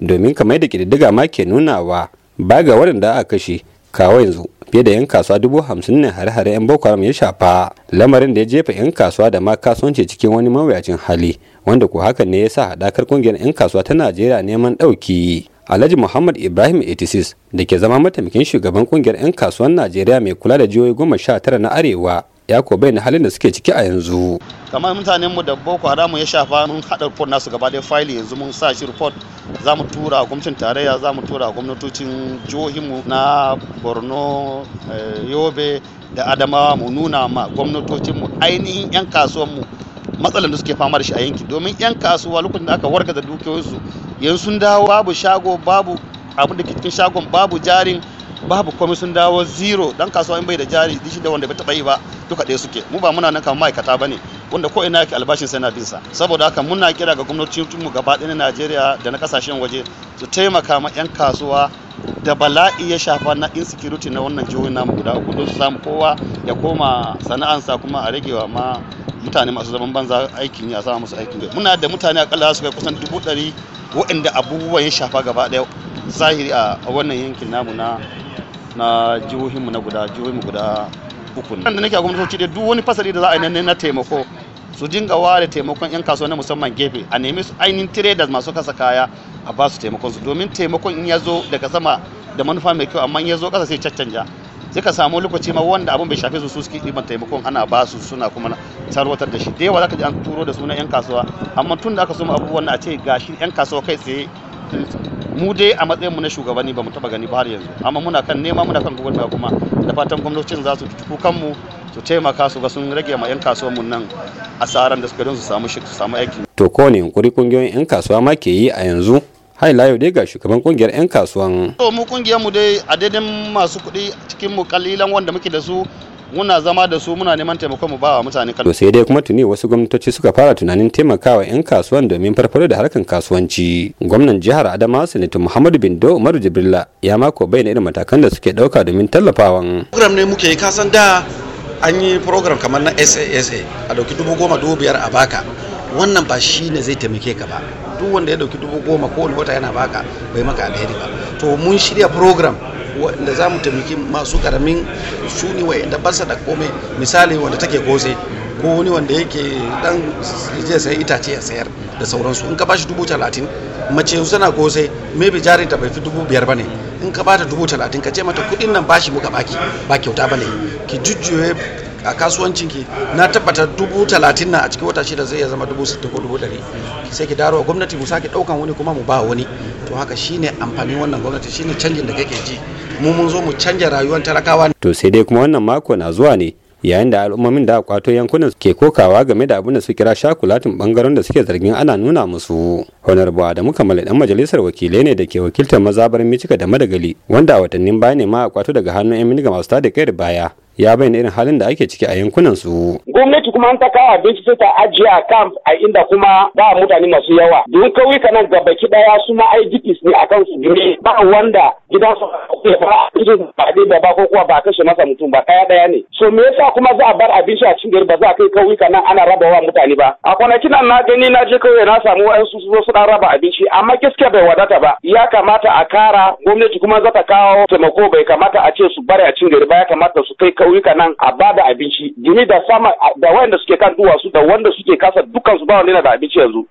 domin kamar da ƙididdiga ma ke nunawa ba ga waɗanda aka kashe kawo yanzu fiye da 'yan kasuwa dubu hamsin ne hare-hare 'yan boko haram ya shafa lamarin da ya jefa 'yan kasuwa da ma kasuwanci cikin wani mawuyacin hali wanda ko hakan ne ya sa haɗakar ƙungiyar 'yan kasuwa ta najeriya neman ɗauki alhaji muhammad ibrahim 86 da ke zama mataimakin shugaban ƙungiyar 'yan kasuwan najeriya mai kula da jihohi goma sha tara na arewa ya ko bayyana halin da suke ciki a yanzu kamar mutanen mu da boko haramu ya shafa mun hada report nasu gaba da file yanzu mun sa shi report za mu tura gwamnatin tarayya za mu tura gwamnatocin jihohinmu na borno eh, yobe da adamawa mu nuna ma gwamnatocinmu ainihin 'yan kasuwanmu matsalar da suke fama da shi a yanki domin 'yan kasuwa lokacin da aka wargaza dukiyoyinsu yanzu sun dawo babu shago babu abin da ke cikin shagon babu jarin babu komai sun dawo zero dan kasuwa in bai da jari dishi da wanda bai taba yi ba duka ɗaya suke mu ba muna nan kan ma'aikata bane wanda ko ina yake albashin sai na bin sa saboda haka muna kira ga gwamnatocin mu gaba ɗaya na Najeriya da na kasashen waje su taimaka ma 'yan kasuwa da bala'i ya shafa na insecurity na wannan jihohin namu guda uku don su samu kowa ya koma sana'ansa kuma a ragewa ma mutane masu zaman banza aikin ya samu musu aikin muna da mutane akalla su kai kusan dubu ɗari waɗanda abubuwan ya shafa gaba ɗaya zahiri a wannan yankin namu na na jihohinmu na guda jihohinmu guda uku ne. da nake a gwamnatoci da duk wani fasali da za a yi na taimako su dinga ware taimakon 'yan kasuwa na musamman gefe a nemi su ainihin traders masu kasa kaya a ba su taimakon su domin taimakon in ya zo daga sama da manufa mai kyau amma in ya zo kasa sai caccanja sai ka samu lokaci ma wanda abin bai shafe su su suke ɗiban taimakon ana ba su suna kuma tarwatar da shi da yawa zaka ji an turo da sunan 'yan kasuwa amma tun da aka soma abubuwan a ce gashi 'yan kasuwa kai tsaye mu dai a matsayin mu na shugabanni ba mu taba gani ba har yanzu amma muna kan nema muna kan gwamnati kuma da fatan gwamnatocin za su kukan mu su taimaka su ga sun rage ma yan kasuwar mu nan asaran da suka don su samu shi su samu aiki to ko ne yunkuri kungiyoyin yan kasuwa ma ke yi a yanzu hai layo dai ga shugaban kungiyar 'yan kasuwan. to mu kungiyar mu dai a daidai masu kuɗi cikin mu kalilan wanda muke da su muna zama da su muna neman taimakon mu ba wa mutane kan. sai dai kuma tuni wasu gwamnatoci suka fara tunanin taimakawa 'yan kasuwan domin farfaro da harkan kasuwanci. Gwamnan jihar Adamawa Sanatu Muhammadu Bindo Umar Jibrilla ya mako bayyana irin matakan da suke ɗauka domin tallafawa Program ne muke yi kasan da an yi program kamar na SASA a dauki dubu goma dubu biyar a baka wannan ba shi ne zai taimake ka ba duk wanda ya dauki dubu goma kowane wata yana baka bai maka alheri ba to mun shirya program wanda za mu taimaki masu karamin shuni wa'anda ba da komai misali wanda take kose ko wani wanda yake dan je sai itace ya sayar da sauransu in ka bashi dubu talatin mace yanzu tana kosai maybe bi ta bai fi dubu biyar bane in ka bata dubu talatin ka ce mata kudin nan bashi muka baki ba kyauta bane ki jujjuye a kasuwancin ki na tabbata dubu talatin na a cikin wata shida zai zama dubu sittin ko dubu ɗari sai ki darowa gwamnati mu sake ɗaukan wani kuma mu ba wani to haka shine amfanin wannan gwamnati shine canjin da kake ji mu mun zo mu canja rayuwar talakawa to sai dai kuma wannan mako na zuwa ne yayin da al'ummomin da kwato yankunan ke kokawa game da abin da su kira shakulatin bangaren da suke zargin ana nuna musu honorable adamu muka dan majalisar wakilai ne da ke wakiltar mazabar micika da madagali wanda a watannin baya ne ma a kwato daga hannun yan miniga masu tada kai da baya ya bayyana irin halin da ake ciki a yankunan su. Gwamnati kuma an ta kawo abinci ta ajiye a camp a inda kuma ba mutane masu yawa. Duk kauyuka nan gabaki daya su ma IDPs ne kan su gine ba wanda su ke fara abincin ba da ba ko kuwa ba kashe masa mutum ba kaya daya ne. So me yasa kuma za a bar abinci a cikin gari ba za a kai kauyuka nan ana wa mutane ba. A kwanakin nan na gani na je kauye na samu wa'ansu su zo suna raba abinci amma gaskiya bai wadata ba. Ya kamata a kara gwamnati kuma za ta kawo taimako bai kamata a ce su bari a cikin gari ba ya kamata su kai ƙauyuka nan a ba da abinci gini da sama da wanda suke kan duwatsu da wanda suke kasa dukkan su ba wanda da abinci yanzu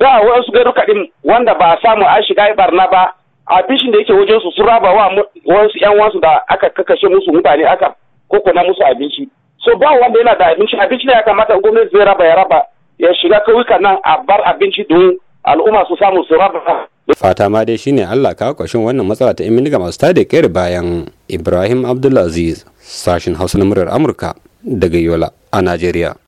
da wasu garuka din wanda ba a samu an shiga barna ba abincin da yake wajen su sun raba wa wasu yan wasu da aka kakashe musu mutane aka kokona musu abinci so ba wanda yana da abinci abinci ne ya kamata gwamnati zai raba ya raba ya shiga kauyuka nan a bar abinci don al'umma su samu su raba fata ma dai shine Allah ka kwashin wannan matsala ta imin ga masu tada kayar bayan Ibrahim Abdulaziz, sashin Hausa na murar Amurka daga Yola a Najeriya.